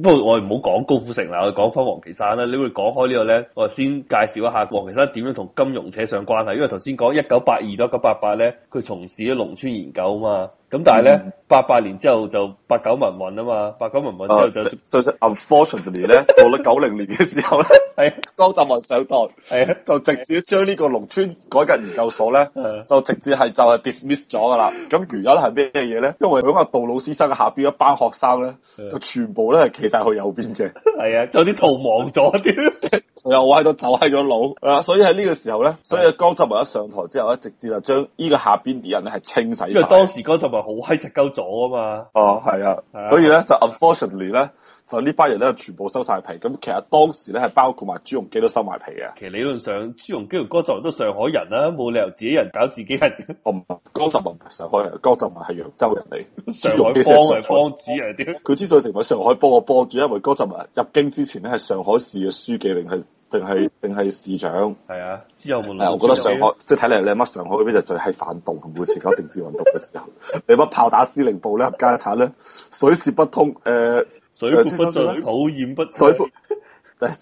不過我哋唔好講高富城啦，我哋講返王岐山啦。你會講開呢個咧，我哋先介紹一下王岐山點樣同金融扯上關係。因為頭先講一九八二到一九八八咧，佢從事咗農村研究啊嘛。咁但係咧，八八年之後就八九民運啊嘛，八九民運之後就所以 unfortunately 咧，到咗九零年嘅時候咧，係江澤民上台，係啊，就直接將呢個農村改革研究所咧，就直接係就係 dismiss 咗噶啦。咁原因係咩嘢咧？因為嗰個杜老先生嘅下邊一班學生咧，就全部咧係企晒去右邊嘅，係啊，有啲逃亡咗啲，又喺度走喺咗路。係所以喺呢個時候咧，所以江澤民一上台之後咧，直接就將呢個下邊啲人咧係清洗。因為當時江澤民。好閪直鳩咗啊嘛！哦，係啊，所以咧就 unfortunately 咧，就呢班人咧全部收晒皮。咁其實當時咧係包括埋朱鎔基都收埋皮啊。其實理論上朱鎔基同江澤民都上海人啦，啊，冇理由自己人搞自己人。我唔係，江澤民唔係上海人，江澤民係揚州人嚟。上海幫係幫主嚟啲。佢之所以成為上海幫嘅幫主，啊， 因為江澤民入京之前咧係上海市嘅書記，令佢。定係定係市長，係啊，自由門。係，我覺得上海、啊、即係睇嚟，你乜上海嗰邊就最係反動，每次搞政治運動嘅時候， 你乜炮打司令部咧、冚家鏟咧，水泄不通。誒、呃，水庫不對，土染不水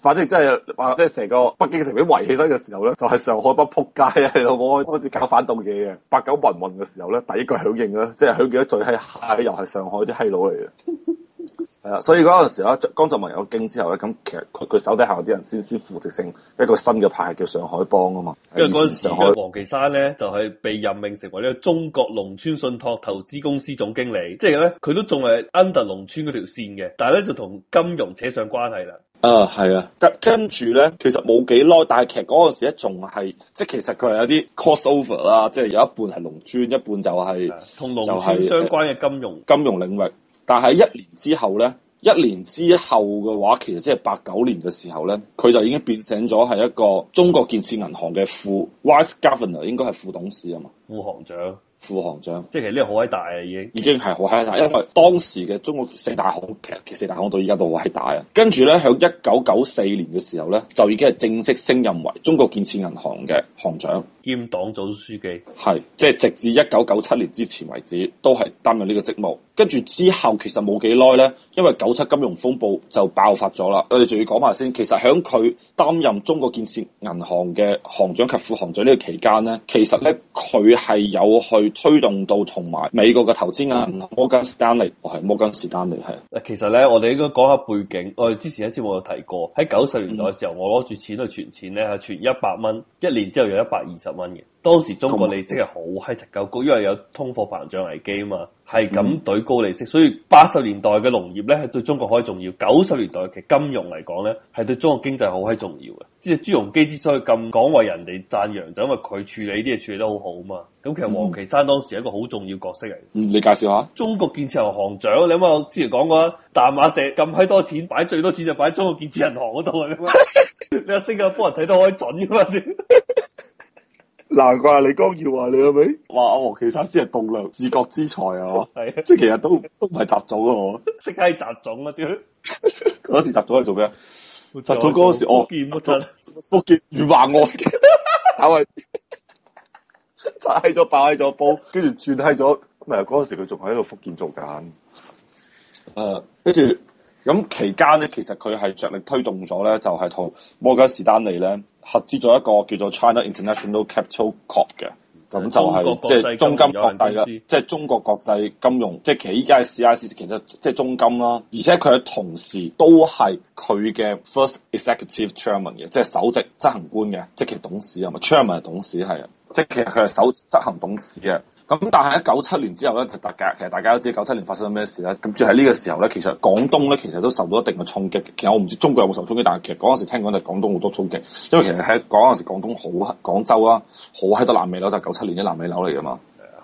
反正真係話，即係成個北京城都圍，圍起身嘅時候咧，就係、是、上海不撲街啊！我開始搞反動嘢嘅八九民運嘅時候咧，第一個響應啦，即、就、係、是、響應得最係，又係上海啲閪佬嚟嘅。 所以嗰陣時咧，江澤民有經之後咧，咁其實佢佢手底下啲人先先扶植成一個新嘅派叫上海幫啊嘛。因為嗰時上海王岐山咧，就係、是、被任命成為呢個中國農村信託投資公司總經理，即係咧佢都仲係 under 農村嗰條線嘅，但係咧就同金融扯上關係啦。啊，係啊，跟跟住咧，其實冇幾耐，但係其實嗰陣時咧仲係，即係其實佢係有啲 cross over 啦，即係有一半係農村，一半就係同農村相關嘅金融金融領域。但係一年之後咧，一年之後嘅話，其實即係八九年嘅時候咧，佢就已經變成咗係一個中國建設銀行嘅副 vice governor，應該係副董事啊嘛，副行長。副行長，即係呢個好偉大啊，已經已經係好偉大，因為當時嘅中國四大行，其實其四大行到依家都好偉大啊。跟住咧，響一九九四年嘅時候咧，就已經係正式升任為中國建設銀行嘅行長兼黨組書記，係即係直至一九九七年之前為止，都係擔任呢個職務。跟住之後，其實冇幾耐咧，因為九七金融風暴就爆發咗啦。我哋仲要講埋先，其實響佢擔任中國建設銀行嘅行長及副行長呢個期間咧，其實咧佢係有去。推動到同埋美國嘅投資銀行摩根士丹利，我係摩根士丹利係。其實咧，我哋應該講下背景。我哋之前喺節目有提過，喺九十年代嘅時候，嗯、我攞住錢去存錢咧，係存一百蚊，一年之後有一百二十蚊嘅。當時中國利息係好閪實夠高，因為有通貨膨脹危機啊嘛，係咁對高利息，嗯、所以八十年代嘅農業咧係對中國可以重要。九十年代嘅金融嚟講咧係對中國經濟好閪重要嘅。即係朱鎔基之所以咁講為人哋讚揚，就因為佢處理啲嘢處理得好好啊嘛。咁其實王岐山當時係一個好重要角色嚟、嗯。你介紹下中國建設銀行行長，你諗下我之前講過，大馬石咁閪多錢擺，最多錢就擺中國建設銀行嗰度啊嘛。 你話新加坡人睇得開準啊嘛。 難怪啊，李光耀話、啊、你係咪？哇！王岐山先係棟樑，治國之才啊。嘛？係即係其實都都唔係雜種啊！我識係雜種啊、mm！屌、hmm.，嗰時雜種係做咩啊？雜種嗰時我，福建福建余華我搞係，差咗爆咗煲，跟住轉係咗，唔係嗰時佢仲喺度福建做緊，誒，跟住。咁期間咧，其實佢係着力推動咗咧，就係、是、同摩根士丹利咧合資咗一個叫做 China International Capital Corp 嘅，咁就係即係中金國際嘅，即係中國國際金融，即、就、係、是、其實依家係 CIC，其實即係中金啦。而且佢嘅同事都係佢嘅 First Executive Chairman 嘅，即、就、係、是、首席執行官嘅，即、就、係、是、董事啊嘛，Chairman 董事係啊，即係、就是、其實佢係首席執行董事嘅。咁但係喺九七年之後咧，就大家其實大家都知九七年發生咗咩事咧。咁住喺呢個時候咧，其實廣東咧其實都受到一定嘅衝擊。其實我唔知中國有冇受衝擊，但係其實嗰陣時聽講就廣東好多衝擊，因為其實喺嗰陣時廣東好廣州啊，好喺多爛尾樓就係九七年啲爛尾樓嚟㗎嘛。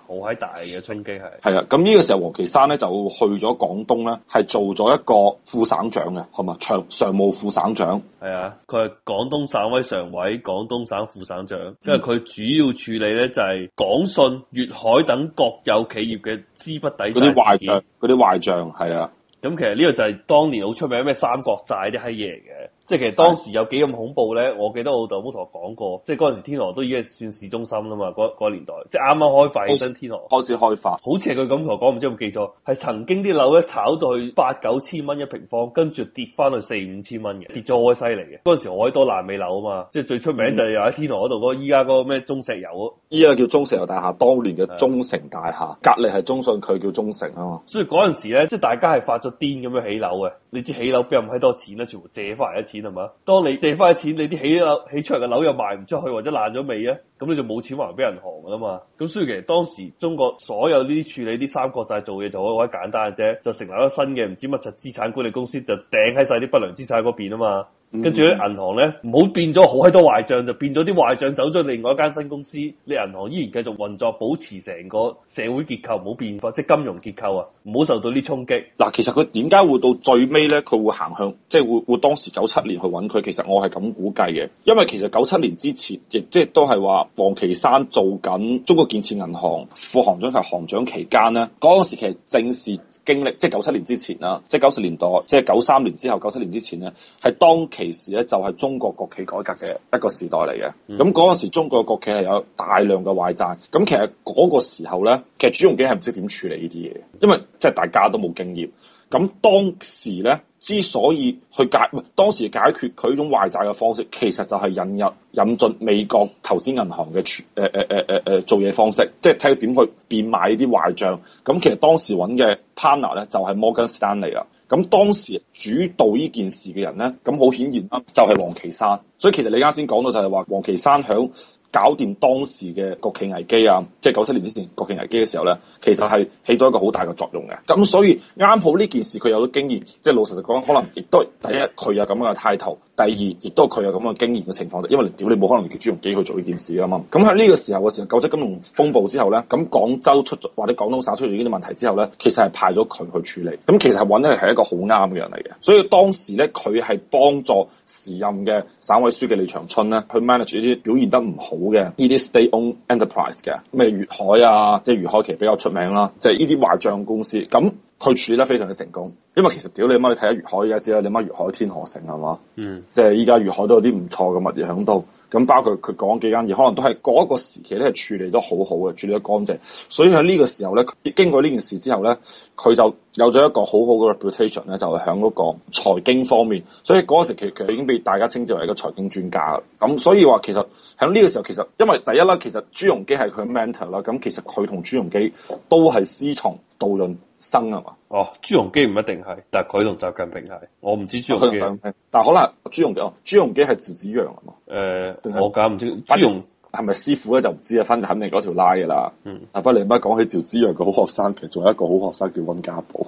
好喺大嘅春機係，係啊！咁呢個時候，王岐山咧就去咗廣東咧，係做咗一個副省長嘅，係嘛？常常務副省長係啊！佢係廣東省委常委、廣東省副省長，因為佢主要處理咧就係廣信、粵海等國有企業嘅資不抵債嗰啲壞帳，嗰啲壞帳係啊！咁其實呢個就係當年好出名咩三角債啲閪嘢嚟嘅。即係其實當時有幾咁恐怖咧？我記得我老豆冇同我講過，即係嗰陣時天河都已經係算市中心啦嘛，嗰年代，即係啱啱開發起身天河開始開發，好似係佢咁同我講，唔知有冇記錯，係曾經啲樓咧炒到去八九千蚊一平方，跟住跌翻去四五千蚊嘅，跌咗好犀利嘅。嗰陣時我喺多爛尾樓啊嘛，即係最出名就係又喺天河嗰度嗰依家嗰個咩中石油啊，依家叫中石油大廈，當年嘅中城大廈，隔離係中信佢叫中城啊嘛。所以嗰陣時咧，即係大家係發咗癲咁樣起樓嘅，你知起樓邊有咁閪多錢咧，全部借翻嚟一錢係嘛？當你掟翻啲錢，你啲起樓起出嚟嘅樓又賣唔出去，或者爛咗尾啊，咁你就冇錢還俾銀行噶啦嘛。咁所以其實當時中國所有呢啲處理啲三國債做嘢就好鬼簡單嘅啫，就成立咗新嘅唔知乜就資產管理公司，就掟喺晒啲不良資產嗰邊啊嘛。跟住咧，嗯、銀行咧唔好變咗好閪多壞賬，就變咗啲壞賬走咗另外一間新公司，你銀行依然繼續運作，保持成個社會結構唔好變化，即係金融結構啊，唔好受到啲衝擊。嗱，其實佢點解會到最尾咧？佢會行向，即係會會當時九七年去揾佢。其實我係咁估計嘅，因為其實九七年之前，亦即係都係話王岐山做緊中國建設銀行副行長及行長期間咧，嗰陣時其實正是經歷，即係九七年之前啦，即係九十年代，即係九三年之後，九七年之前咧，係當期。其時咧就係中國國企改革嘅一個時代嚟嘅，咁嗰陣時中國嘅國企係有大量嘅壞債，咁其實嗰個時候咧，其實朱鎔基係唔知點處理呢啲嘢，因為即係大家都冇經驗。咁當時咧之所以去解，唔係當時解決佢呢種壞債嘅方式，其實就係引入引進美國投資銀行嘅全誒誒誒誒做嘢方式，即係睇佢點去變賣呢啲壞帳。咁其實當時揾嘅 partner 咧就係、是、摩根士丹利啦。咁當時主導呢件事嘅人咧，咁好顯然啦，就係王岐山。所以其實你啱先講到就係話王岐山響。搞掂當時嘅國企危機啊，即係九七年之前國企危機嘅時候咧，其實係起到一個好大嘅作用嘅。咁所以啱好呢件事佢有咗經驗，即係老實實講，可能亦都第一佢有咁嘅態度，第二亦都係佢有咁嘅經驗嘅情況。因為屌你冇可能叫朱鎔基去做呢件事啊嘛。咁喺呢個時候嘅時候，九七金融風暴之後咧，咁廣州出咗或者廣東省出現呢啲問題之後咧，其實係派咗佢去處理。咁其實揾佢係一個好啱嘅人嚟嘅。所以當時咧，佢係幫助時任嘅省委書記李長春咧去 manage 呢啲表現得唔好。嘅呢啲 state owned enterprise 嘅，咩粵海啊，即係粵海其實比較出名啦，即係呢啲壞帳公司，咁佢處理得非常之成功，因為其實屌你媽，你睇下粵海而家知啦，你媽粵海天河城係嘛，嗯，即係依家粵海都有啲唔錯嘅物業響度。咁包括佢講幾間嘢，可能都係嗰一個時期咧，處理得好好嘅，處理得乾淨。所以喺呢個時候咧，經過呢件事之後咧，佢就有咗一個好好嘅 reputation 咧，就係喺嗰個財經方面。所以嗰個時期，其實已經被大家稱之為一個財經專家。咁所以話其實喺呢個時候，其實因為第一啦，其實朱鎔基係佢嘅 mentor 啦，咁其實佢同朱鎔基都係私從。杜潤生、哦、啊嘛？哦，朱鎔基唔一定係，但係佢同習近平係，是我唔知朱鎔基，但係可能朱鎔基哦，朱鎔基係趙子陽啊嘛？誒，我梗唔知朱鎔係咪師傅咧就唔知啊，反正肯定嗰條拉 i n e 噶啦。嗯，阿不離，不講起趙子陽個好學生，其實仲有一個好學生叫温家寶，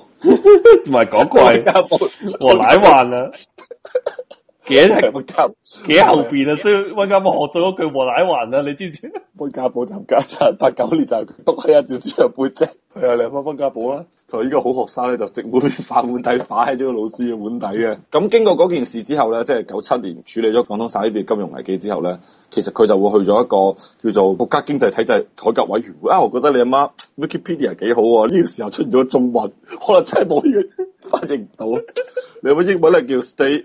同埋講句，我奶話啦。 幾係溫家寶？是後邊啊，所以溫家寶學咗句和奶環啊，你知唔知？溫家寶就唔家就八九年就篤起一段長輩背脊，係 啊，你阿媽溫家寶啦，就呢個好學生咧，就食碗面反碗底，反喺呢個老師嘅碗底嘅。咁經過嗰件事之後咧，即係九七年處理咗廣東省呢邊金融危機之後咧，其實佢就會去咗一個叫做國家經濟體制改革委員會啊。我覺得你阿媽，媽 Wikipedia 幾好喎、啊，呢個 時候出現咗中文，可能真係冇翻譯唔到，你有冇英文咧叫 State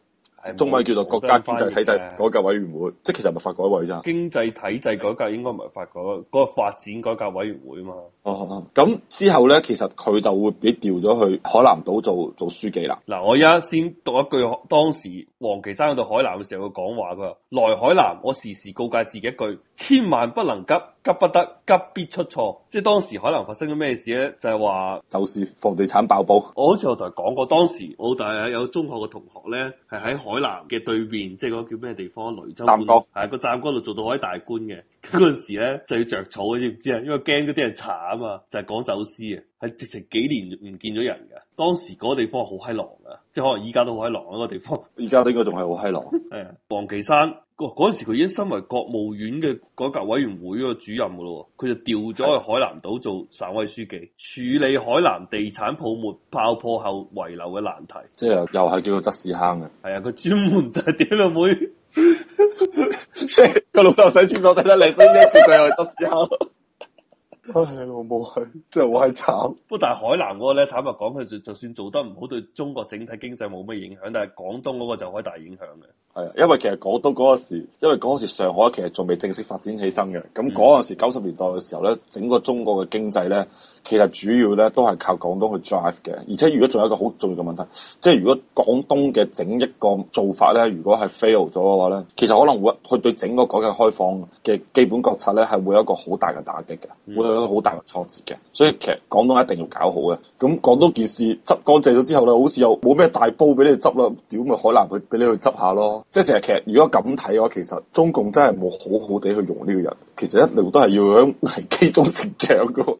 中委叫做國家經濟體制改革委員會，即係、啊、其實唔係發改委咋？經濟體制改革應該唔係發改，嗰、那個發展改革委員會嘛。哦，咁之後咧，其實佢就會俾調咗去海南島做做書記啦。嗱、啊，我而家先讀一句當時王岐山去到海南嘅時候嘅講話噶，來海南我時時告誡自己一句：千萬不能急，急不得，急必出錯。即係當時海南發生咗咩事咧？就係、是、話，就是房地產爆煲。我好似有台講過，當時我大有中學嘅同學咧，係喺。海南嘅對面，即係嗰個叫咩地方？雷州湛江係個度做到海大官嘅，嗰陣時咧就要着草你知唔知啊？因為驚嗰啲人查啊嘛，就係講走私啊，係直情幾年唔見咗人噶。當時嗰個地方好閪狼呀，即係可能依家都好閪狼。喺個地方。依家都應該仲係好閪狼。係啊，王岐山嗰嗰時佢已經身為國務院嘅改革委員會個主任噶咯，佢就調咗去海南島做省委書記，的處理海南地產泡沫爆破後遺留嘅難題。即係又係叫做執屎坑嘅。係啊，佢專門就係點啊妹，個 老豆洗廁所睇得嚟，所以叫佢又執屎坑。 唉，你老母，哎，去，真係我係慘。不過但係海南嗰個咧，坦白講，佢就就算做得唔好，對中國整體經濟冇咩影響，但係廣東嗰個就開大影響嘅。係啊，因為其實廣東嗰時，因為嗰時上海其實仲未正式發展起身嘅，咁嗰陣時九十年代嘅時候咧，嗯，整個中國嘅經濟咧。其實主要咧都係靠廣東去 drive 嘅，而且如果仲有一個好重要嘅問題，即係如果廣東嘅整一個做法咧，如果係 fail 咗嘅話咧，其實可能會去對整個改革開放嘅基本國策咧，係會有一個好大嘅打擊嘅，會有一個好大嘅挫折嘅。所以其實廣東一定要搞好嘅。咁廣東件事執乾淨咗之後咧，好似又冇咩大煲俾你執啦，屌咪海南去俾你去執下咯。即係成日其實如果咁睇嘅話，其實中共真係冇好好地去用呢個人，其實一路都係要喺危機中成長嘅。